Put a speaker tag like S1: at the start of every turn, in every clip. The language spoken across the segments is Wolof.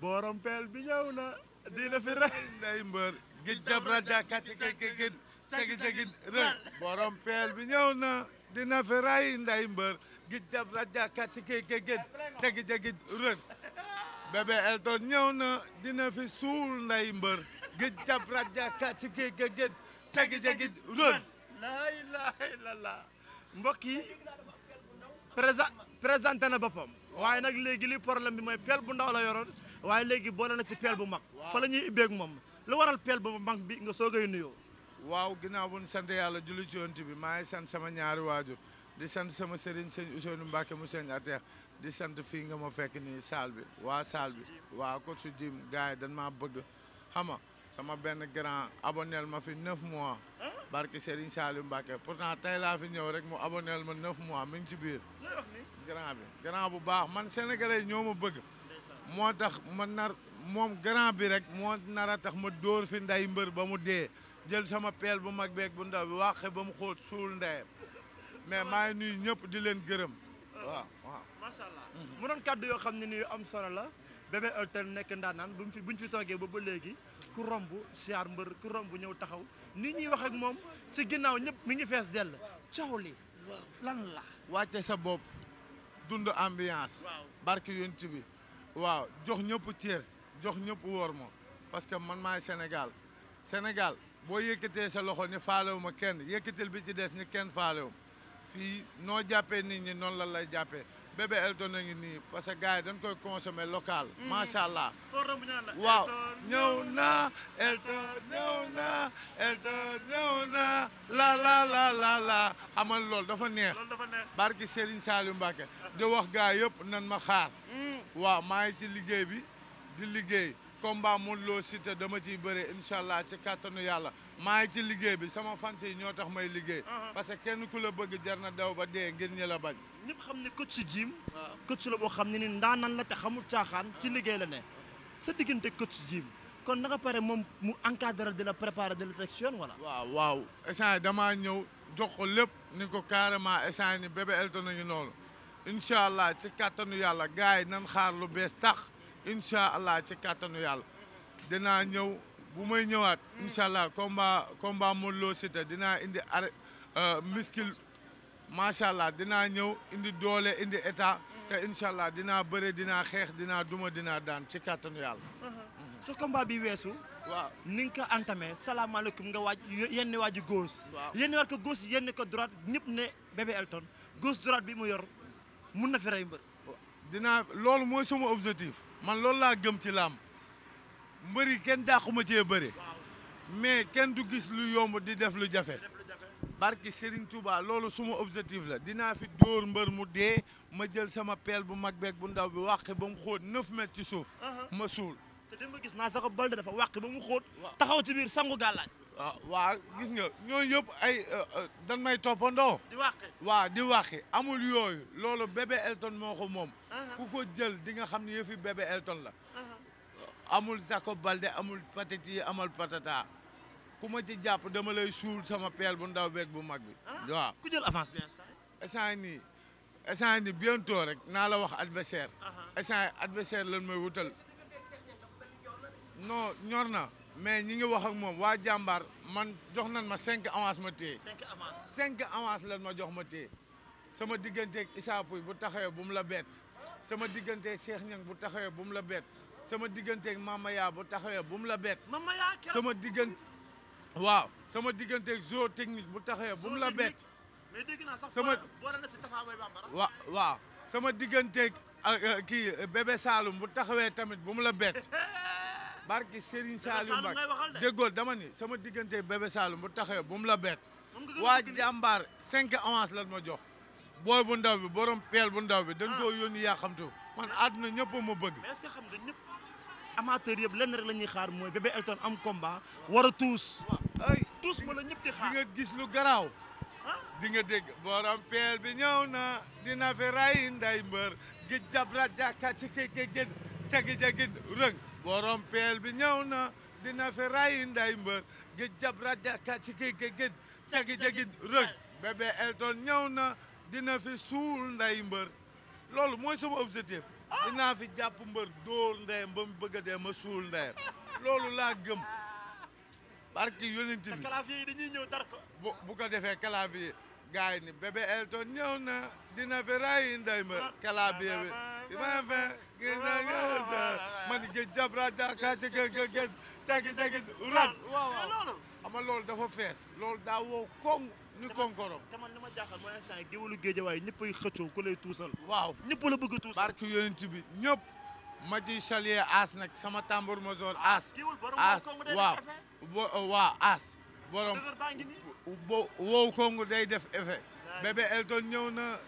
S1: boorom bi ñëw na dina fi rek day mbër gi jabra jakati kekegin cagi cagin rek borom peel bi ñëw na dina fi ray nday mbër gi jabra jakati kekegin cagi cagin rek bébé Elton ñëw na dina yi
S2: présenté na boppam waaye nag léegi li problème bi mooy peel bu ndaw la yoroon
S1: waaye léegi boole na ci peel bu mag fa la ñuy ibbeeg moom lu waral peel bu mag bi nga soogay nuyoo waaw ginnaaw bu ñu sant yàlla julli ci yonent bi maa ngi sant sama ñaari waajur di sant sama sëriñ sëñ Ousseynou Mbacke mu sëñ Ateex di sant fii nga ma fekk nii saal bi waa saal bi waa ko su jim gars yi dañ maa bëgg xama sama benn grand abonnel ma fi neuf mois barke Serigne Saliou Mbacke pourtant tey laa fi ñëw rek mu abonnel ma neuf mois mi ngi ci biir grand bi grand bu baax man sénégalais ñoo ma bëgg moo tax ma nar moom grand bi rek moo nar a tax ma dóor fi nday mbër ba mu dee jël sama peel bu mag beeg bu ndaw bi wàqe ba mu xóot suul ndeyam mais maa ngi nuyu ñëpp di leen gërëm waaw waaw
S2: macha allah mhm. mu
S1: doon kàddu yoo xam ne ni am solo la Bébé
S2: Elton nekk ndaanaan bu mu fi bu ñu toogee ba ba léegi ku romb siyaar mbër ku romb ñëw taxaw
S1: ni ñuy wax ak moom ci ginnaaw ñëpp mi ngi fees dell coow li lan la wàcce sa bopp dund ambiance barke yonent bi waaw jox ñëpp cër jox ñëpp wóor ma parce que man maay Sénégal Sénégal boo yëkkatee sa loxo ni faalewuma kenn yëkkatil bi ci des ni kenn faalewu fii noo jàppee nit ñi noonu la lay jàppee bébé Elton a ngi nii parce que gars yi dañ koy consommer local. Mm-hmm. macha allah
S2: waaw ñëw
S1: na Elton ñëw na Elton ñëw na la la la la loolu dafa neex. barki Serigne Saliou Mbacké di wax gars yëpp nan ma xaar. Mm. waaw maa ngi ci liggéey bi di liggéey combat Modou Lo Siteu dama ciy bëre incha allah ci kàttanu yàlla maa ngi ci liggéey bi sama fans yi ñoo tax may liggéey. parce que kenn ku la bëgg jar na daw ba dee ngir ñi la bañ.
S2: ñëpp xam ne coach si Jim. waaw coach la boo xam ne ni ndaanan la te xamul caaxaan ci liggéey la ne
S1: sa diggante coach si jiim kon naka pare moom mu encadre di la préparer de l'élection wala. waaw waaw échange damaa ñëw jox ko lépp ni ko carrément échange ni bébé noonu. incha allah ci kàttanu yàlla gars yi nan xaar lu bees sax incha allah ci kàttanu yàlla dinaa ñëw bu may ñëwaat incha allah komba combat Modou Lo Siteu dinaa indi ar euh, miskil macha allah dinaa ñëw indi doole indi état te incha allah dinaa bëre dinaa xeex dinaa duma dinaa daan ci kàttanu yàlla.
S2: Uh-huh. su combat bi weesu. waaw ni nga ko entamé salaamaaleykum nga waaj yenn waaju gauche. waaw ko gauche yenn ne bébé Elton gauche droite bi
S1: mu yor. mun na fi rey mbër. dinaa loolu mooy suma objectif. man loolu laa gëm ci làmb mbër yi kenn dàquma cee bëre. mais kenn du gis lu yomb di def lu jafe. barki Serigne Touba loolu suma objectif la dinaa fi dóor mbër mu dee ma jël sama peel bu mag beeg bu ndaw bi wàq ba mu xóot 9 mètres ci suuf. Uh-huh. ma suul. te dem nga gis naa sax Balde dafa wàq ba mu xóot. taxaw ci biir sangu gàllaaj ah waa gis nga ñooñu yëpp ay eh, eh, dan may toppandoo. di wàqi waaw di wàqi amul yooyu loolu bébé Elton moo ko moom. Uh-huh. ku ko jël di nga xam ne yëfi bébé Elton la.
S2: Uh-huh.
S1: amul Jacob Balde amul patati amal patata ku ma ci jàpp dama lay suul sama peel bu ndaw beeg bu mag bi. Uh-huh. waaw ku jël avance bi instant yii. instant nii instant rek naa la wax adversaire. instant adversaire lan mooy wutal. non ñor na. mais ñi ngi wax ak moom waa jàmbaar man jox nan ma cinq avance ma téye. cinq avance cinq avance lan ma jox ma téye sama digganteeg Issa Pouye bu taxawee bu mu la bett sama digganteeg Cheikh Niang bu taxawee bu mu la bett sama digganteeg Mamaya bu taxawee bu mu la bett. Mamaya sama diggante waaw sama digganteeg zoo technique bu taxawee bu mu la bett.
S2: mais dégg naa sax sama
S1: waaw waaw sama digganteeg euh, euh, kii bébé Saloum bu taxawee tamit bu mu la bett. barki Serigne Saliou Mbacké déggool dama ni sama diggante bébé Saloum bu taxee bu mu la bett waa jàmbaar cinq avance lan ma jox booy bu ndaw bi borom peel bu ndaw bi dañ ah. koo yónni yaa xam te man àdduna ñëpp ma bëgg
S2: mais est-ce que ñëpp amateur yëpp lenn rek la xaar mooy bébé Elton am komba war a tuus ay tuus
S1: ma la ñëpp di xaar di nga gis lu garaaw ah. di nga dégg borom peel bi ñëw na dina fi ray nday mbër gij jabra jàkka ci kii kii gij jagi-jagi rëng borom bi ñëw na dina fi rayi nday mbër gij jab rajaka ci ki ki gij jagi-jagi rëj Elton ñëw na dina fi suul nday mbër loolu mooy sama objectif dinaa fi jàpp mbër dóor ndeyam ba mu bëgg a ma suul ndeyam loolu laa gëm barki yonent bi clavier yi dañuy ñëw dar ko bu gars yi ni bébé Elton ñëw na dina fi rayi nday ma kala bi dina fe gis na man gëj jabra daka ci gëj gëj cagi cagi rat loolu ama loolu dafa fees loolu daa woo koŋ ni konkorom te man li ma jaaxal mooy instant yi géwalu géejawaay ñëpp ay xëccoo ku tuusal waaw ñëpp la bëgg a tuusal barke yonent bi ñëpp ma ci chalier aas nag sama tambour major aas aas aas borom bo wow kongu day def effet bébé Elton ñëw na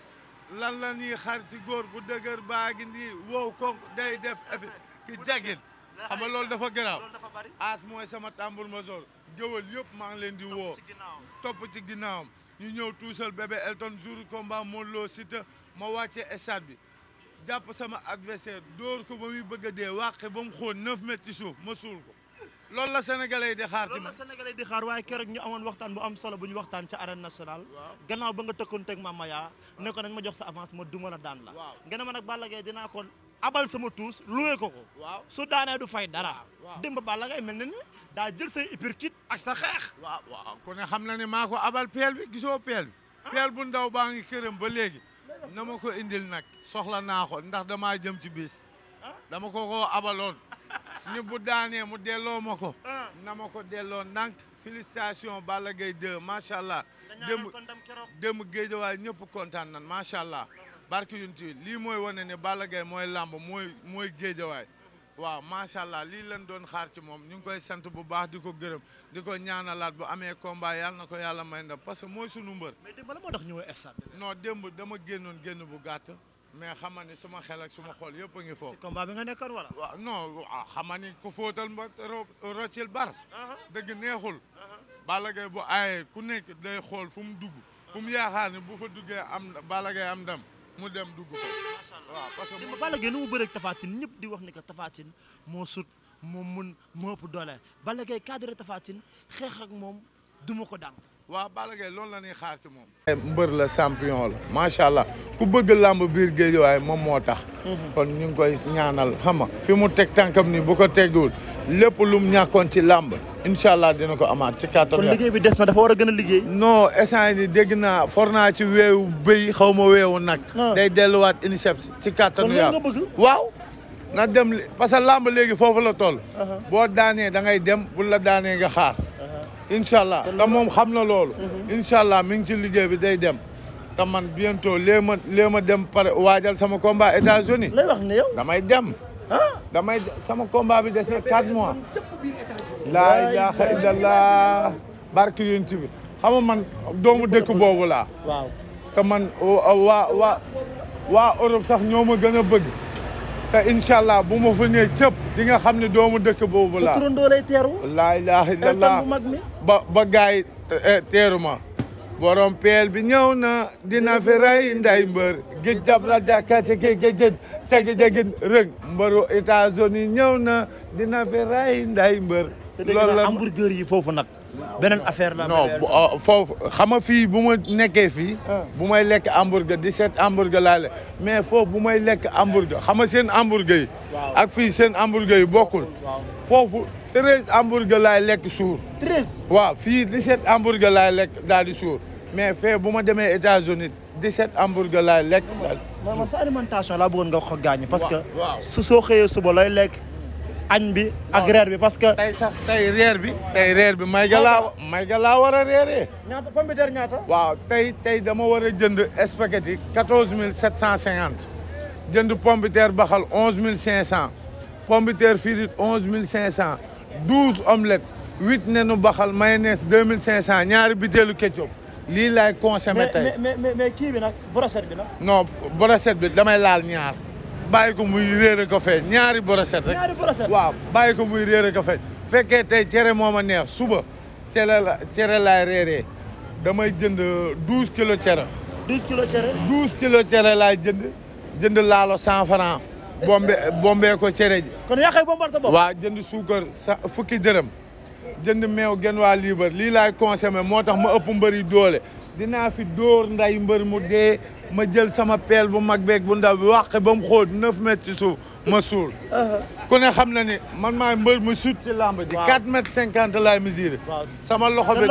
S1: lan la ñuy xar ci góor bu dëgër baa ngi nii wow kongu day def effet ki jagin xam nga loolu dafa garaaw as mooy sama tambour major jëwal yëpp maa ngi leen di woo topp ci ginnaawam ñu ñëw tuusal bébé Elton ko combat moo loo sita ma wàcce stade bi jàpp sama adversaire dóor ko ba muy bëgg a dee wàqe ba mu xool neuf mètres ci suuf ma suul ko loolu la sénégalais yi di xaar ci
S2: loolu la di xaar waaye keroog ñu amoon waxtaan bu am solo bu ñu waxtaan ci arène nationale gannaaw ba nga tëkkoon teg ma maya ne ko nañ ma jox sa avance ma duma la daan la nga ne ma nag Balla Gaye dinaa ko abal sama tuus loué ko ko su
S1: daanee du fay dara ba Balla Gaye mel na ni daa jël say uppercut ak sa xeex waaw waaw ne xam na ne maa ko abal peel bi gisoo peel bi ah. peel bu ndaw baa ngi këram ba léegi na ma ko indil nag soxla naa ndax damaa jëm ci bis ah. dama ko ko ni bu daanee mu delloo ma ko. Ah. na ma ko delloo ndànk félicitation Balla Gaye 2 macha allah. démb démb géejawaay ñëpp kontaan nan macha allah. barke yunt yi lii mooy wane ne Balla Gaye mooy làmb mooy mooy géejawaay. waaw macha allah lii lañ doon xaar ci moom ñu ngi koy sant bu baax di ko gërëm di ko ñaanalaat bu amee combat yàlla na ko yàlla may ndam parce que mooy sunu mbër. mais la moo tax ñëwee stade non démb dama génnoon génn bu gàtt. mais xam nga ni suma xel ak suma xool yëpp a ngi foofu. si combat bi nga nekkoon wala. waaw non ah xam nga ni ku fóotal mba roccil bar. Uh-huh. dëgg neexul. Uh-huh. Balla Gaye bu aaye ku nekk day xool fu mu dugg. fu mu yaakaar ne bu fa duggee am Balla Gaye am ndam mu dem dugg fa. macha allah waaw parce que. Balla Gaye nu mu bëreeg ñëpp di wax ni que Tapha
S2: moo sut moo mun moo ëpp doole Balla Gaye cadre Tapha ak moom
S1: duma ko dànk. waaw Balla Gaye loolu la ñuy xaar moom. Eh, mbër la champion la macha allah ku bëgg làmb biir géej waaye moom moo tax. Mhm. kon ñu ngi koy ñaanal xama fi mu teg tànkam ni bu ko tegul lépp lum ñàkkoon ci làmb incha allah dina ko amaat ci kàttan. kon liggéey bi des na dafa war a gën a liggéey. non instant yii dégg naa for naa ci weewu béy xaw ma weewu nag. Ah. day delluwaat INSEP ci kàttanu yaa waaw. na dem parce que làmb léegi foofu la toll. boo daanee da ngay dem bu la daanee nga xaar. incha allah te moom xam na loolu. Mhm. incha allah mi ngi ci liggéey bi day dem. te man bientôt lee ma lee ma dem pare waajal sama combat États-Unis lay wax ne yow damay dem. ah damay sama combat bi dese quatre mois. laa ilaaha illallah barke yonent bi xam nga man doomu dëkk boobu laa. waaw te man waa waa waa Europe sax ñoo ma gën a bëgg. te incha allah bu ma fa ñëwee cëpp nga xam ne doomu dëkk boobu laa. sa mag mi. ba ba gars eh, ma. borom peel bi ñaw na dina fi rey nday mbër gij jabra jàkka ci gi gigin cegi jegin rëng mbëru États-Unis ñëw na dina fi rey nday mbër loolu la hamburger yi foofu nag beneen affaire la. non ah, foofu xam nga fii bu ma nekkee fii. Ah. bu may lekk hamburger 17 hamburger laa lekk mais foofu bu may lekk hamburger xam nga seen hamburger yi. ak fii seen hamburger yi bokkul. foofu 13 hamburger laay lekk suur. waaw fii 17 hamburger laay lekk daal di suur mais fee bu ma demee États-Unis 17 hamburger laay lekk. daal di suur man sa alimentation laa bëggoon nga wax ko gaañ. parce que su soo xëyee suba lay lekk. añ bi ak reer bi parce que. tey sax tey reer bi. tey reer bi may ga laa laa war a reeree. ñaata ñaata. waaw tey tey dama war a jënd spaghetti quatorze mille sept cent cinquante jënd pomme de terre baxal onze mille cinq cent pomme de terre frite onze mille cinq cent douze omelettes huit nenu baxal mayonnaise deux mille cinq cent ñaari butéelu ketchup. lii laay consommé tey
S2: kii bi nag brochette bi nag.
S1: non brochette bi damay laal ñaar. bàyyi ko muy réer ko feeñ ñaari brochette rek ñaari brochette waaw bàyyi muy réer ko feeñ fekkee tey cere moom a neex suba cere la cere laay reeree damay jënd douze kilos cere. douze kilos cere. douze kilos cere laay jënd jënd laalo cent franc. bombe ko cere ji. kon yaa koy bombal sa bopp. jënd suukar sa fukki dërëm jënd meew genn waa liibar lii laay consommé moo tax ma ëpp mbëri doole dinaa fi dóor nday mbër mu dee ma jël sama peel bu mag beeg bu ndaw bi wàq ba mu xóot neuf mètres ci suuf ma suul uh-huh. ku ne xam na ni man maay mbër mu sut ci làmb ji quatre mètres cinquante laay mesuré sama loxo bi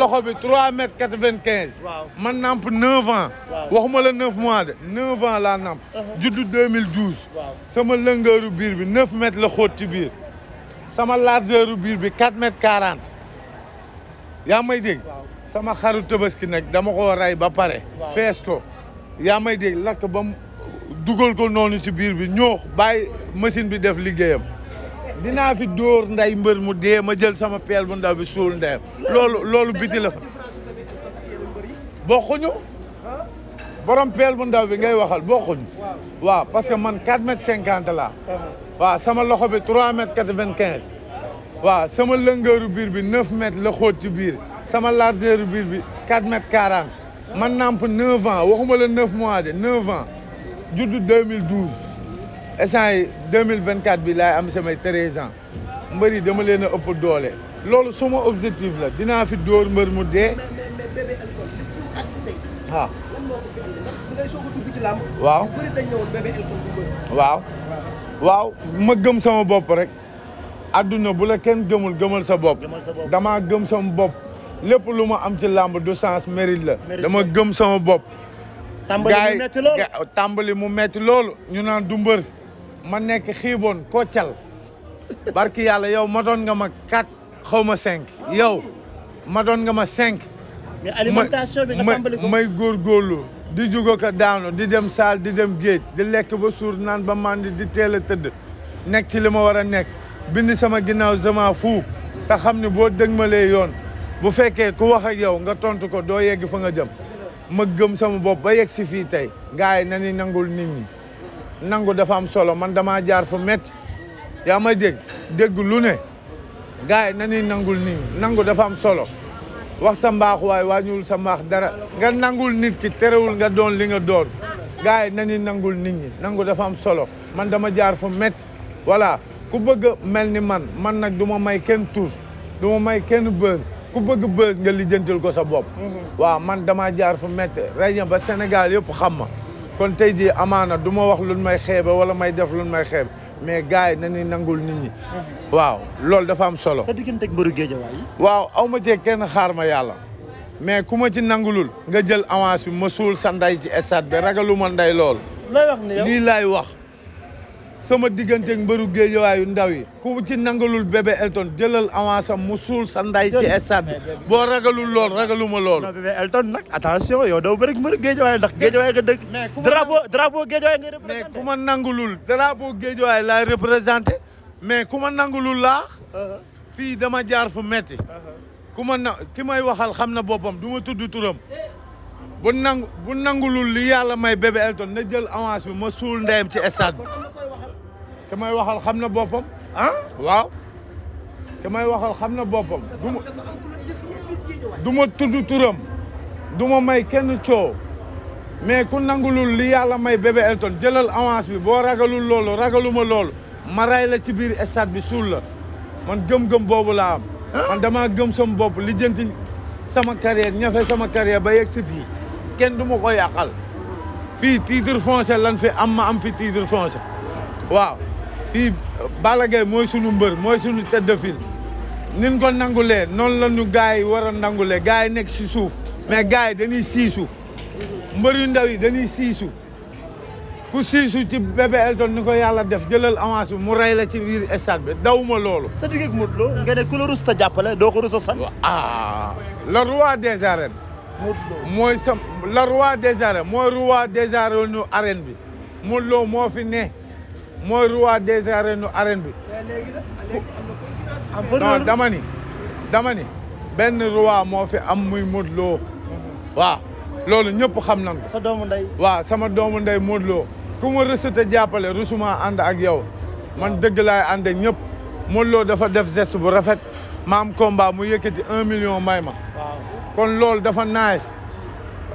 S1: loxo bi trois mètres quatre vingt quinze man namp neuf ans waxuma la neuf mois de neuf ans laa namp uh-huh. juddu deux mille douze sama lëngëru biir bi neuf mètres la xóot ci biir sama largeur biir bi quatre mètres quarante yaa may dégg sama xaru tabaski nag dama ko rey ba pare. fees ko yaa may dégg lakk ba dugal ko noonu ci biir bi ñoox bàyyi machine bi def liggéeyam dinaa fi dóor nday mbër mu dee ma jël sama peel bu ndaw bi suul ndeyam loolu loolu biti la fa bokkuñu borom peel bu ndaw bi ngay waxal bokkuñu waaw parce que man 4 mètre cinquante la uh-huh. waa sama loxo bi 3 mètre quatre vingt quinze waaw sama lëngëru biir bi 9 mètre la xóot ci biir sama largeur biir bi 4 mètres 40 man nàmp 9 ans waxuma la 9 mois de 9 ans juddu 2012 instant yi 2024 bi laay am samay 13 ans mbër yi dama leen a ëpp doole. loolu suma objectif la dinaa fi dóor mbër mu dee. waaw. waaw. ma gëm sama bopp rek. adduna bu la kenn gëmul gëmal sa bopp. dama gëm sama bopp. lépp lu ma am ci làmb du sens mérite la. dama gëm sama bopp. tàmbali mu metti loolu ñu naan du mbër ma nekk xiiboon koccal barki yàlla yow matoon nga ma quatre xaw ma cinq yow matoon nga ma cinq.
S2: mais alimentation bi nga tàmbali ko may
S1: góorgóorlu. di jugo ka daanu di dem saal di dem géej di lekk ba suur naan ba màndi di teel a tëdd nekk ci li ma war a nekk bind sama ginnaaw sama fu te xam ne boo dëgmalee yoon. bu fekkee ku wax ak yow nga tontu ko doo yegg fa nga jëm ma gëm sama bopp ba yegg si fii tey gars na ni nangul nit ñi nangu dafa am solo man damaa jaar fu métti yaa may dégg dégg lu ne gars yi na nangul nit nangu dafa am solo wax sa mbaax waaye wàññiwul sa mbaax dara nga nangul nit ki terewul nga doon li nga doon gars yi na ni nangul nit ñi nangu dafa am solo man dama jaar fu métti voilà ku bëgg a mel ni man man nag du ma may kenn tur du may kenn buzz ku bëgg bës nga lijjantil ko sa bopp. Mm-hmm. waaw man damaa jaar fu métti rey ba Sénégal yëpp xam ma kon tey jii amaana du ma wax luñ may xeebe wala may def luñ may xeebe mais gars yi nañu nangul nit ñi. Mm-hmm. waaw loolu dafa am solo. sa diggante ak mbëru géejawaay waaw aw ma cee kenn xaar ma yàlla. mais ku ma ci nangulul nga jël avance bi ma suul sa nday ci stade bi ragalu ma nday lool.
S2: looy
S1: wax. sama digganteeg mbëru géejawaayu ndaw yi ku ci nangalul bébé Elton jëlal avance am mu suul sa nday ci stade bi boo ragalul lool ragaluma lool. non bébé Elton nag attention yow daw bëri mbëru géejawaay ndax géejawaay nga dëkk. mais ku ma drapeau drapeau géejawaay nga représenté. mais ku nangulul drapeau géejawaay laay représenté mais ku ma nangulul laa. Uh-huh. fi dama jaar fu metti uh-huh. ku ma na ki may waxal xam na boppam du ma tudd turam. bu nangu nangulul li yàlla may bébé Elton na jël avance bi ma suul ndeyam ci stade bi. te may waxal xam na boppam ah waaw te may waxal xam na boppam du ma tudd turam du ma may kenn coow mais ku nangulul li yàlla may bébé Elton jëlal avance bi boo ragalul loolu ragaluma loolu ma ray la ci biir stade bi suul la man gëm-gëm boobu laa am ah? man damaa gëm sama bopp li jënti sama carrière ñafe sama carrière ba yeg si fii kenn du ko yàqal fii titre foncier lan fi am ma am fi titre foncier waaw fii Balla Gaye mooy sunu mbër mooy sunu tête de file nin ko nangulee noonu la ñu gars yi war a nangulee gars yi nekk si suuf mais gars yi dañuy siisu mbër yu ndaw yi dañuy siisu ku siisu ci bébé Elton ni ko yàlla def jëlal avance mu rey la ci biir stade bi dawuma loolu. sa digg ak Modou Lo nga ne ku la rus ta jàppale doo ko rus a sant. ah le roi des arènes. mooy sam le mooy roi des arènes nu arène bi Modou Lo ne. mooy roi des arènes arène bi. Ah, non damani ni benn roi moo fi am muy Modou Lo loolu ñëpp xam nañ ko. sa doomu ndey. sama doomu ndey Modou Lo ku ma rësut a jàppale rusuma ànd ak yow man dëgg laay ànd ñëpp Modou dafa def geste bu rafet maam kombaa combat mu yëkkati un million may ma. kon loolu dafa nice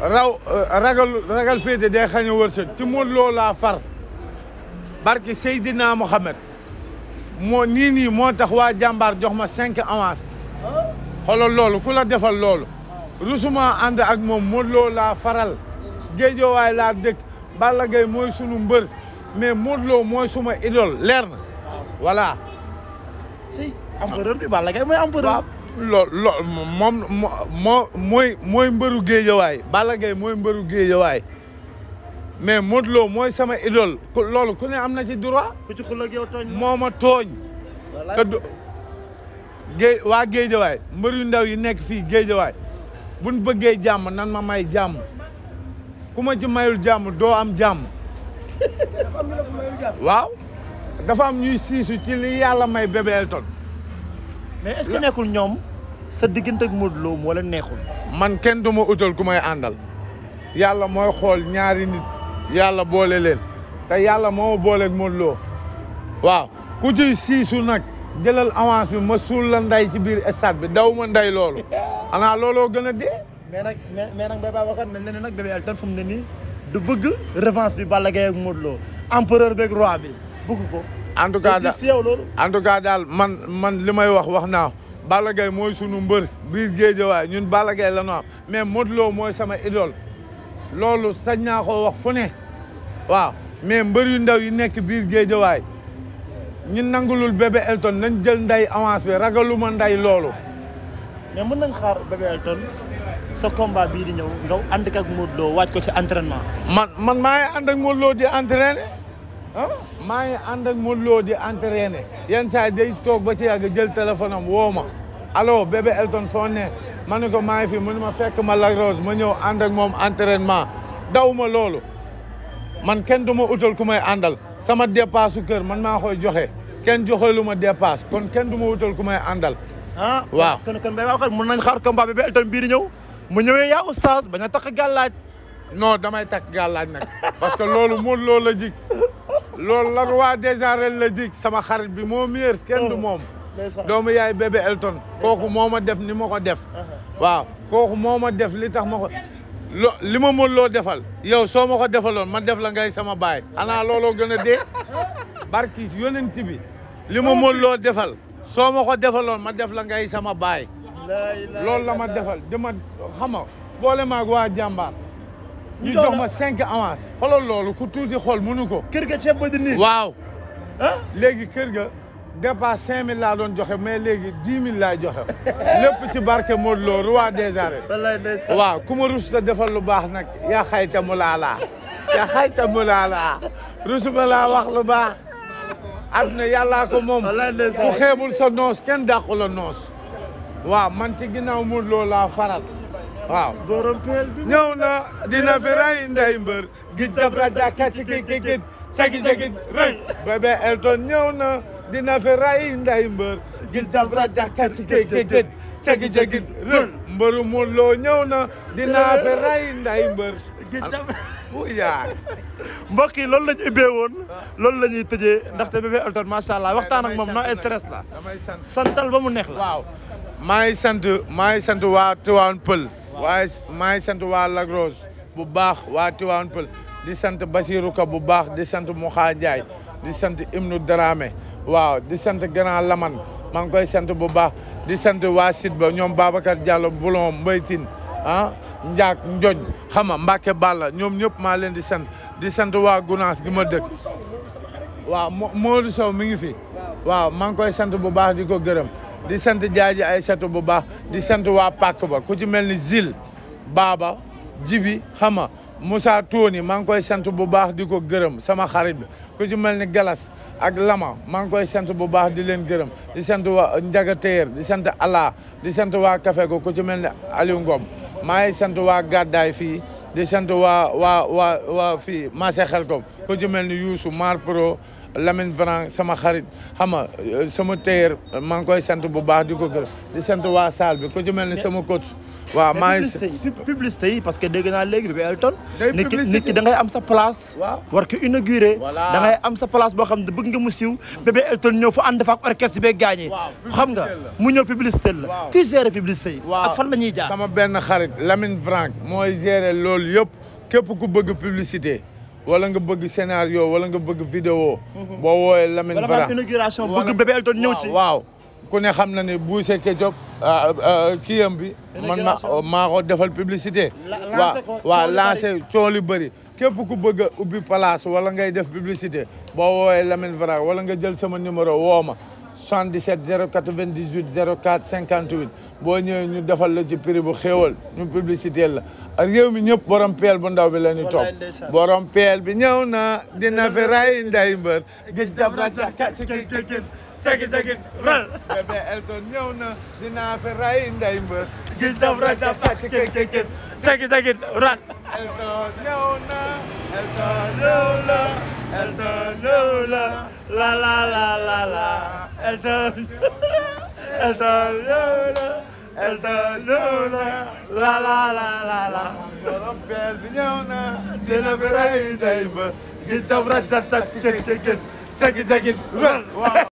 S1: raw euh, ragal ragal féete day xañ a wërsëg ci Modou Lo laa far. barke Seydina Mohamed moo nii nii moo tax waa jàmbaar jox ma cinq avance xoolal loolu ku la defal loolu suma ànd ak moom Modou Lo laa faral géejoowaay laa dëkk Balla Gaye mooy sunu mbër mais Modou mooy suma idole leer na voilà si empereur bi Balla Gaye mooy empereur loo loo moom moo mooy mooy mbëru géejawaay Balla Gaye mooy mbëru géejawaay mais Modou Lo mooy sama idole loolu ku ne am na ci droit. ku ci xul moo ma tooñ. te du géej waa géejawaay mbër yu ndaw yi nekk fii géejawaay buñ bëggee jàmm nan ma may jàmm ku ma ci mayul jàmm doo am jàmm. am ñu waaw dafa am ñuy siisu ci li yàlla may Bébé Elton. mais est-ce nekkul ñoom sa diggante ak Modou wala neexul. man kenn du ma utal ku may àndal yàlla mooy xool ñaari nit. yàlla boole leen te yàlla moo ma booleeg waaw ku ciy siisu nag jëlal avance bi ma suul la nday ci biir stade bi daw ma nday loolu xanaa looloo gën a dee.
S2: mais nag mais nag Mbaye Babacar mel na ne nag Bébé Elton fu mu ne nii du bëgg
S1: revanche bi Balla Gaye ak Modou empereur beeg roi bi bëgg ko. en tout cas daal man man li may wax wax naa Balla Gaye mooy sunu mbër biir géejawaay ñun Balla Gaye la ñu am mais Modou mooy sama idole loolu sañ naa koo wax fu ne waaw mais mbër yu ndaw yi nekk biir géejawaay ñi nangulul bébé Elton nañ jël nday avance bi ragaluma nday loolu.
S2: mais mën nañ xaar bébé Elton sa combat bii di ñëw nga ànd ak Modou Lo waaj ko ci entraînement. man
S1: man maa ngi ànd ak Modou di entraîné ah maa ngi ànd ak Modou Lo di entraîné. yenn saa day toog ba ci yàgg jël téléphone am woo ma allo bébé Elton foo ne ma ne ko maa ngi fi mu ne ma fekk ma Lac Rose ma ñëw ànd ak moom entraînement daw ma loolu man kenn du ma utal ku may àndal sama dépasse kër man maa koy joxe kenn joxelu ma dépasse kon kenn du ma utal ku may àndal. ah waaw kon kon Mbaye Babacar mën nañ xaar combat bi ba Elton bii ñëw mu ñëwee yaa oustaz bañ a takk gàllaaj non damay takk gàllaaj nag parce que loolu moom loolu la jig loolu la roi des arènes la jig sama xarit bi moo miir kenn du oh, moom doomu yaay bébé Elton kooku moo ma def ni moo ko def uh-huh. waaw kooku moo ma def li tax ma ko lo li ma mën loo defal yow soo ma ko defaloon ma def la ngay sama baay xanaa looloo gën a dee barki yonent bi li ma mën loo defal soo ma ko defaloon ma def la ngay sama baay loolu la ma defal dama xama boole maag waa jàmbaar ñu jox ma cinq avance xoolal loolu ku tuuti xool mënu ko kër ga ceeb ba di waaw léegi kër ga dépasse cinq mille laa doon joxe mais léegi dix mille laay joxe lépp ci barke Modou Lo roi des arènes waaw ku rus ta defal lu baax nag yaa mu laalaa yaa xayta mu laalaa rusuma laa wax lu baax àdduna yàllaa moom ku xeebul sa noos kenn dàqu noos waaw man ci ginnaaw Modou Lo laa faral waaw borom na dina fi rey ndey mbër gij dabra jàkka ci ki ki kit cagi-cagit rëy Elton ñëw na dina fi ray nday mbër gin tabra jàkka ci géej géej cagi jagi rën loo ñëw na dina fi ray nday mbër yaa mbokk yi loolu la ñu ubbee woon loolu la ñuy tëjee ah. ndaxte bébé Elton macha allah waxtaan ak moom no stress la santal ba mu neex la waaw maa ngi sant maa ngi sant waa Tivaouane Pël sant waa bu baax waa Tivaouane Pël di sant Basirou Ka bu baax di sant Mouha Ndiaye di sant Ibnou Dramé waaw di sant grand Laman maa ngi koy sant bu baax di sant waa site ba ñoom Babacar Diallo Boulon Mbaytin ah Ndiak Ndioñ xam mbake Mbacke ñoom ñëpp maa leen di sant di sant waa Gunaas gi ma dëkk. waaw Modou Sow mi ngi fi. waaw maa ngi koy sant bu baax di ko gërëm di sant jaaji ay sant bu baax di sant waa pàkk ba ku ci mel ni Zil Baba Jibi xam Moussa Tooni maa ngi koy sant bu baax di ko gërëm sama xarit bi ku ci mel ni Galas ak Lama maa ngi koy sant bu baax di leen gërëm di sant waa Njagateer di sant Ala di sant waa Café ko ku ci mel ni Aliou Ngom maa ngi sant waa Gàddaay fii di sant waa waa waa waa fii Massé Xelkom ku ci mel ni Youssou Mar Pro Lamine Varan sama xarit xam nga euh, sama téyer maa ngi koy sant bu baax di ko gërëm di sant waa salle bi ku ci mel ni sama coach waa maa ngi
S2: publicité yi parce que dégg naa léegi bi Elton nit ki da ngay am sa place war ko inauguré da am sa place boo xam ne bëgg nga mu siiw bébé Elton ñëw
S1: fa ànd fa ak orchestre bi gaañee xam nga mu ñëw publicité la kii géré publicité yi ak fan la ñuy jaar sama benn xarit Lamine Franck mooy géré loolu yëpp képp ku bëgg publicité wala nga bëgg scénario wala nga bëgg vidéo mhm. boo wooyee Lamine Vara wala inauguration bëgg bébé Elton ñëw ci waaw ku ne xam na ne bu sekkee job ah, ah, ah, kiyam bi man ma oh, maa ko defal publicité waaw waaw lancé coow lu bëri képp ku bëgg ubbi place wala ngay def publicité boo wooyee Lamine Vara wala nga jël sama numéro woo ma 77 098 04 58 boo ñëwee ñu defal la ci prix bu xéewal ñu publicité la réew mi ñëpp borom bu ndaw bi la ñu topp borom bi ñëw na dina fi ray nday mbër gij jabraakakén cagi cagin ral bébé Elton ñëw na dina fi ray mbër
S2: El la la la la la borom
S1: pees na dina ko rey day ba gi taw rajat tak cek cek cek cek wér waaw